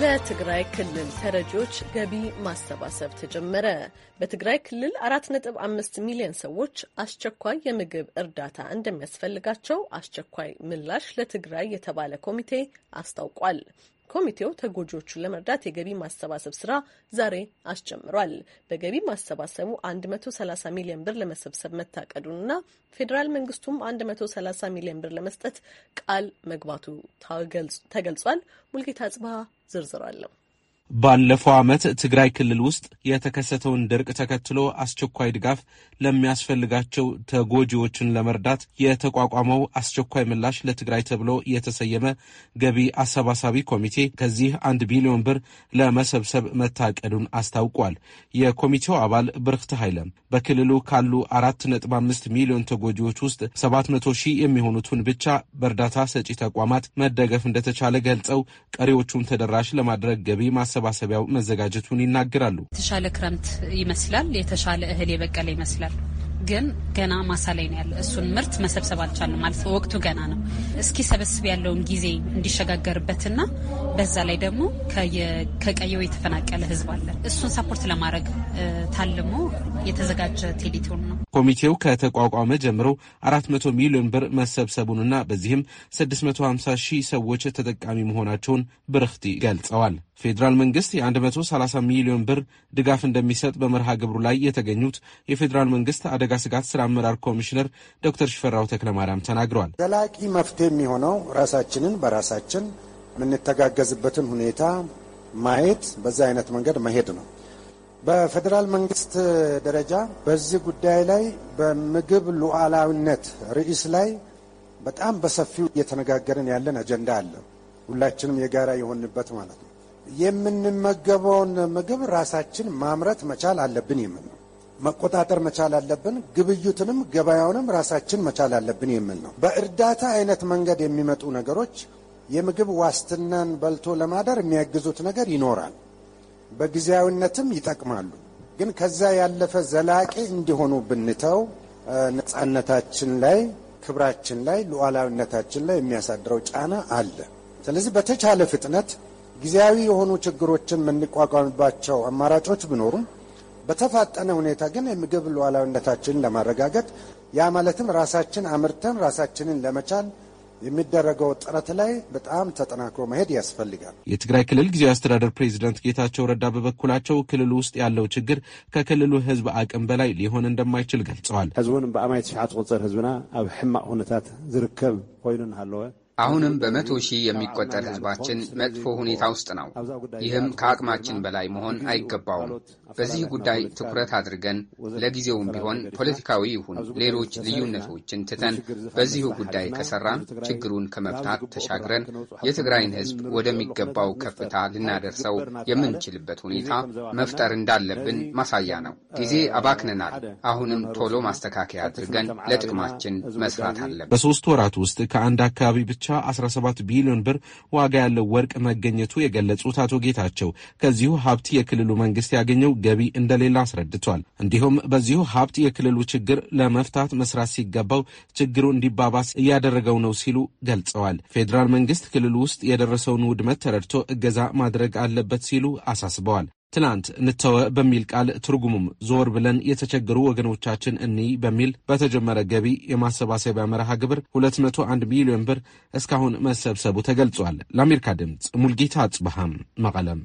ለትግራይ ክልል ተረጂዎች ገቢ ማሰባሰብ ተጀመረ። በትግራይ ክልል አራት ነጥብ አምስት ሚሊዮን ሰዎች አስቸኳይ የምግብ እርዳታ እንደሚያስፈልጋቸው አስቸኳይ ምላሽ ለትግራይ የተባለ ኮሚቴ አስታውቋል። ኮሚቴው ተጎጂዎቹን ለመርዳት የገቢ ማሰባሰብ ስራ ዛሬ አስጀምሯል። በገቢ ማሰባሰቡ 130 ሚሊዮን ብር ለመሰብሰብ መታቀዱንና ፌዴራል መንግስቱም 130 ሚሊዮን ብር ለመስጠት ቃል መግባቱ ተገልጿል። ሙልጌታ ጽብሃ ዝርዝር አለው። ባለፈው ዓመት ትግራይ ክልል ውስጥ የተከሰተውን ድርቅ ተከትሎ አስቸኳይ ድጋፍ ለሚያስፈልጋቸው ተጎጂዎችን ለመርዳት የተቋቋመው አስቸኳይ ምላሽ ለትግራይ ተብሎ የተሰየመ ገቢ አሰባሳቢ ኮሚቴ ከዚህ አንድ ቢሊዮን ብር ለመሰብሰብ መታቀዱን አስታውቋል። የኮሚቴው አባል ብርክት ኃይለም በክልሉ ካሉ አራት ነጥብ አምስት ሚሊዮን ተጎጂዎች ውስጥ ሰባት መቶ ሺህ የሚሆኑትን ብቻ በእርዳታ ሰጪ ተቋማት መደገፍ እንደተቻለ ገልጸው ቀሪዎቹን ተደራሽ ለማድረግ ገቢ ማሰ መሰባሰቢያው መዘጋጀቱን ይናገራሉ። የተሻለ ክረምት ይመስላል። የተሻለ እህል የበቀለ ይመስላል። ግን ገና ማሳ ላይ ነው ያለው። እሱን ምርት መሰብሰብ አልቻለም ማለት ነው። ወቅቱ ገና ነው። እስኪ ሰበስብ ያለውን ጊዜ እንዲሸጋገርበትና በዛ ላይ ደግሞ ከቀየው የተፈናቀለ ህዝብ አለ። እሱን ሰፖርት ለማድረግ ታልሞ የተዘጋጀ ቴሌቶን ነው። ኮሚቴው ከተቋቋመ ጀምሮ 400 ሚሊዮን ብር መሰብሰቡንና በዚህም 650 ሺህ ሰዎች ተጠቃሚ መሆናቸውን ብርክቲ ገልጸዋል። ፌዴራል መንግስት የ130 ሚሊዮን ብር ድጋፍ እንደሚሰጥ በመርሃ ግብሩ ላይ የተገኙት የፌዴራል መንግስት አደ አደጋ ስጋት ስራ አመራር ኮሚሽነር ዶክተር ሽፈራው ተክለማርያም ተናግረዋል። ዘላቂ መፍትሄ የሚሆነው ራሳችንን በራሳችን የምንተጋገዝበትን ሁኔታ ማየት፣ በዛ አይነት መንገድ መሄድ ነው። በፌዴራል መንግስት ደረጃ በዚህ ጉዳይ ላይ በምግብ ሉዓላዊነት ርዕስ ላይ በጣም በሰፊው እየተነጋገርን ያለን አጀንዳ አለ። ሁላችንም የጋራ የሆንበት ማለት ነው። የምንመገበውን ምግብ ራሳችን ማምረት መቻል አለብን የምን መቆጣጠር መቻል አለብን። ግብይትንም ገበያውንም ራሳችን መቻል አለብን የሚል ነው። በእርዳታ አይነት መንገድ የሚመጡ ነገሮች የምግብ ዋስትናን በልቶ ለማደር የሚያግዙት ነገር ይኖራል። በጊዜያዊነትም ይጠቅማሉ። ግን ከዛ ያለፈ ዘላቂ እንዲሆኑ ብንተው ነፃነታችን ላይ፣ ክብራችን ላይ፣ ሉዓላዊነታችን ላይ የሚያሳድረው ጫና አለ። ስለዚህ በተቻለ ፍጥነት ጊዜያዊ የሆኑ ችግሮችን የምንቋቋምባቸው አማራጮች ቢኖሩም በተፋጠነ ሁኔታ ግን የምግብ ሉዓላዊነታችንን ለማረጋገጥ ያ ማለትም ራሳችን አምርተን ራሳችንን ለመቻል የሚደረገው ጥረት ላይ በጣም ተጠናክሮ መሄድ ያስፈልጋል። የትግራይ ክልል ጊዜያዊ አስተዳደር ፕሬዚደንት ጌታቸው ረዳ በበኩላቸው ክልሉ ውስጥ ያለው ችግር ከክልሉ ህዝብ አቅም በላይ ሊሆን እንደማይችል ገልጸዋል። ህዝቡን ብኣማይ ትሽዓት ቁፅር ህዝብና አብ ሕማቅ ሁነታት ዝርከብ ኮይኑን ሃለወ አሁንም በመቶ ሺህ የሚቆጠር ህዝባችን መጥፎ ሁኔታ ውስጥ ነው። ይህም ከአቅማችን በላይ መሆን አይገባውም። በዚህ ጉዳይ ትኩረት አድርገን ለጊዜውም ቢሆን ፖለቲካዊ ይሁን ሌሎች ልዩነቶችን ትተን በዚሁ ጉዳይ ከሰራን ችግሩን ከመፍታት ተሻግረን የትግራይን ህዝብ ወደሚገባው ከፍታ ልናደርሰው የምንችልበት ሁኔታ መፍጠር እንዳለብን ማሳያ ነው። ጊዜ አባክነናል። አሁንም ቶሎ ማስተካከያ አድርገን ለጥቅማችን መስራት አለብን። በሶስት ወራት ውስጥ ከአንድ አካባቢ ብቻ ብቻ 17 ቢሊዮን ብር ዋጋ ያለው ወርቅ መገኘቱ የገለጹት አቶ ጌታቸው ከዚሁ ሀብት የክልሉ መንግስት ያገኘው ገቢ እንደሌለ አስረድቷል። እንዲሁም በዚሁ ሀብት የክልሉ ችግር ለመፍታት መስራት ሲገባው ችግሩ እንዲባባስ እያደረገው ነው ሲሉ ገልጸዋል። ፌዴራል መንግስት ክልሉ ውስጥ የደረሰውን ውድመት ተረድቶ እገዛ ማድረግ አለበት ሲሉ አሳስበዋል። ትናንት እንተወ በሚል ቃል ትርጉሙም ዞር ብለን የተቸገሩ ወገኖቻችን እኒ በሚል በተጀመረ ገቢ የማሰባሰቢያ መርሃ ግብር 201 ሚሊዮን ብር እስካሁን መሰብሰቡ ተገልጿል። ለአሜሪካ ድምፅ ሙልጌታ አጽበሃም መቀለም